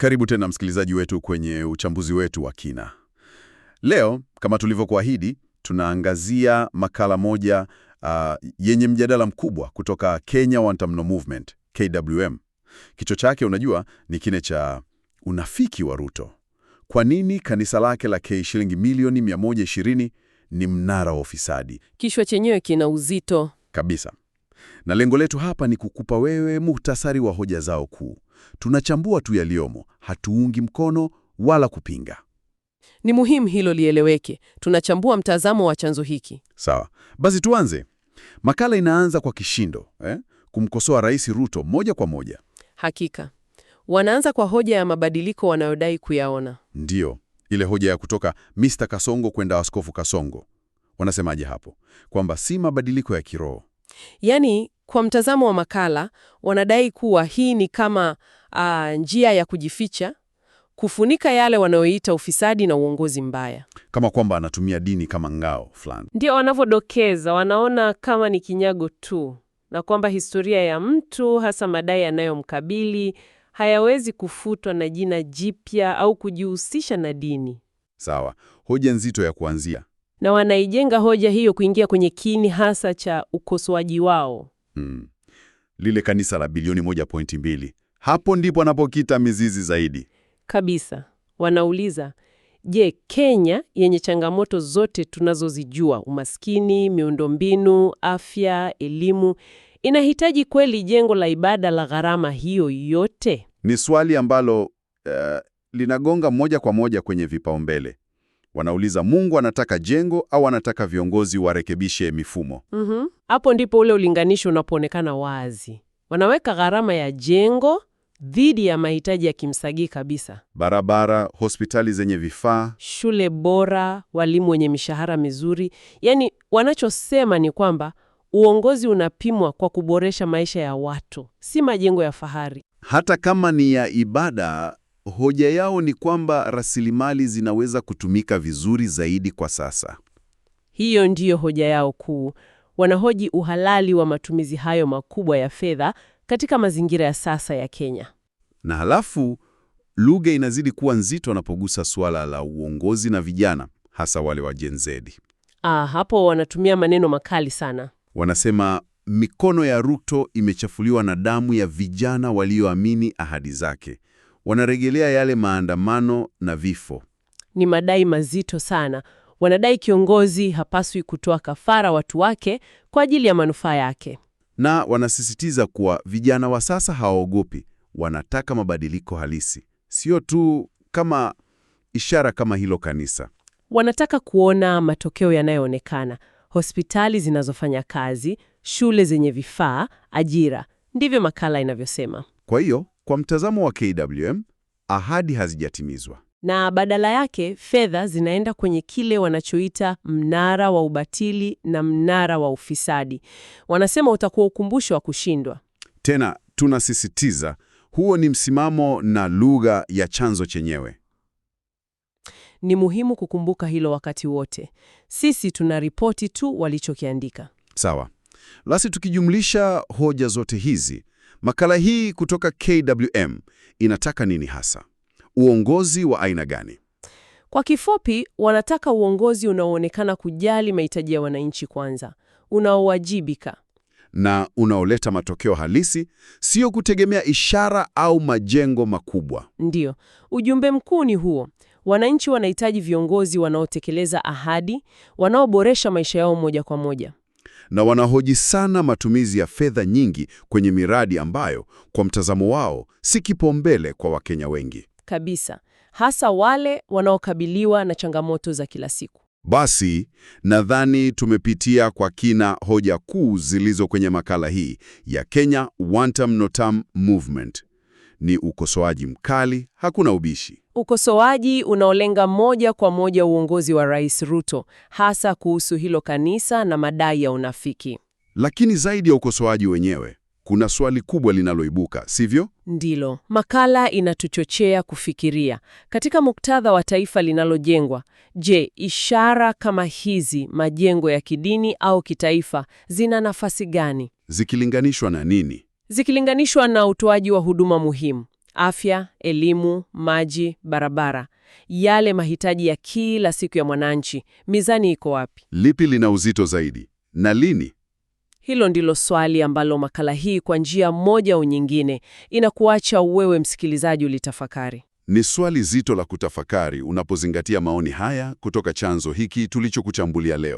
Karibu tena msikilizaji wetu kwenye uchambuzi wetu wa kina. Leo kama tulivyokuahidi, tunaangazia makala moja uh, yenye mjadala mkubwa kutoka Kenya Wantamno Movement, KWM. Kichwa chake unajua ni kine cha unafiki wa Ruto. Kwa nini kanisa lake la K shilingi milioni 120 ni mnara wa ufisadi? Kichwa chenyewe kina uzito kabisa, na lengo letu hapa ni kukupa wewe muhtasari wa hoja zao kuu Tunachambua tu yaliyomo, hatuungi mkono wala kupinga. Ni muhimu hilo lieleweke. Tunachambua mtazamo wa chanzo hiki. Sawa, basi tuanze. Makala inaanza kwa kishindo eh, kumkosoa Rais Ruto moja kwa moja. Hakika wanaanza kwa hoja ya mabadiliko wanayodai kuyaona. Ndiyo, ile hoja ya kutoka Mr. Kasongo kwenda Askofu Kasongo. Wanasemaje hapo? Kwamba si mabadiliko ya kiroho Yaani, kwa mtazamo wa makala, wanadai kuwa hii ni kama uh, njia ya kujificha, kufunika yale wanayoita ufisadi na uongozi mbaya, kama kwamba anatumia dini kama ngao fulani. Ndio wanavyodokeza, wanaona kama ni kinyago tu, na kwamba historia ya mtu, hasa madai yanayomkabili, hayawezi kufutwa na jina jipya au kujihusisha na dini. Sawa, hoja nzito ya kuanzia na wanaijenga hoja hiyo kuingia kwenye kini hasa cha ukosoaji wao. Hmm. Lile kanisa la bilioni moja pointi mbili, hapo ndipo wanapokita mizizi zaidi kabisa. Wanauliza, je, Kenya yenye changamoto zote tunazozijua, umaskini, miundombinu, afya, elimu, inahitaji kweli jengo la ibada la gharama hiyo yote? Ni swali ambalo uh, linagonga moja kwa moja kwenye vipaumbele Wanauliza Mungu anataka jengo au anataka viongozi warekebishe mifumo? Mm -hmm. Hapo ndipo ule ulinganisho unapoonekana wazi. Wanaweka gharama ya jengo dhidi ya mahitaji ya kimsagii kabisa: barabara, hospitali zenye vifaa, shule bora, walimu wenye mishahara mizuri. Yaani, wanachosema ni kwamba uongozi unapimwa kwa kuboresha maisha ya watu, si majengo ya fahari. Hata kama ni ya ibada hoja yao ni kwamba rasilimali zinaweza kutumika vizuri zaidi kwa sasa. Hiyo ndiyo hoja yao kuu. Wanahoji uhalali wa matumizi hayo makubwa ya fedha katika mazingira ya sasa ya Kenya. Na halafu lugha inazidi kuwa nzito anapogusa suala la uongozi na vijana, hasa wale wa Gen Z. Ah, hapo wanatumia maneno makali sana. Wanasema mikono ya Ruto imechafuliwa na damu ya vijana walioamini ahadi zake wanarejelea yale maandamano na vifo. Ni madai mazito sana. Wanadai kiongozi hapaswi kutoa kafara watu wake kwa ajili ya manufaa yake, na wanasisitiza kuwa vijana wa sasa hawaogopi, wanataka mabadiliko halisi, sio tu kama ishara kama hilo kanisa. Wanataka kuona matokeo yanayoonekana, hospitali zinazofanya kazi, shule zenye vifaa, ajira. Ndivyo makala inavyosema. Kwa hiyo kwa mtazamo wa KWM, ahadi hazijatimizwa na badala yake fedha zinaenda kwenye kile wanachoita mnara wa ubatili na mnara wa ufisadi. Wanasema utakuwa ukumbusho wa kushindwa. Tena tunasisitiza huo ni msimamo na lugha ya chanzo chenyewe. Ni muhimu kukumbuka hilo wakati wote. Sisi tunaripoti tu walichokiandika. Sawa. Basi tukijumlisha hoja zote hizi Makala hii kutoka KWM inataka nini hasa? Uongozi wa aina gani? Kwa kifupi, wanataka uongozi unaoonekana kujali mahitaji ya wananchi kwanza, unaowajibika na unaoleta matokeo halisi, sio kutegemea ishara au majengo makubwa. ndio ujumbe mkuu ni huo. Wananchi wanahitaji viongozi wanaotekeleza ahadi, wanaoboresha maisha yao moja kwa moja na wanahoji sana matumizi ya fedha nyingi kwenye miradi ambayo kwa mtazamo wao si kipaumbele kwa Wakenya wengi kabisa, hasa wale wanaokabiliwa na changamoto za kila siku. Basi nadhani tumepitia kwa kina hoja kuu zilizo kwenye makala hii ya Kenya Wantam Notam Movement ni ukosoaji mkali, hakuna ubishi. Ukosoaji unaolenga moja kwa moja uongozi wa Rais Ruto, hasa kuhusu hilo kanisa na madai ya unafiki. Lakini zaidi ya ukosoaji wenyewe, kuna swali kubwa linaloibuka, sivyo? Ndilo. Makala inatuchochea kufikiria katika muktadha wa taifa linalojengwa. Je, ishara kama hizi, majengo ya kidini au kitaifa, zina nafasi gani? Zikilinganishwa na nini? zikilinganishwa na utoaji wa huduma muhimu: afya, elimu, maji, barabara, yale mahitaji ya kila siku ya mwananchi. Mizani iko wapi? Lipi lina uzito zaidi na lini? Hilo ndilo swali ambalo makala hii kwa njia moja au nyingine inakuacha wewe msikilizaji ulitafakari. Ni swali zito la kutafakari unapozingatia maoni haya kutoka chanzo hiki tulichokuchambulia leo.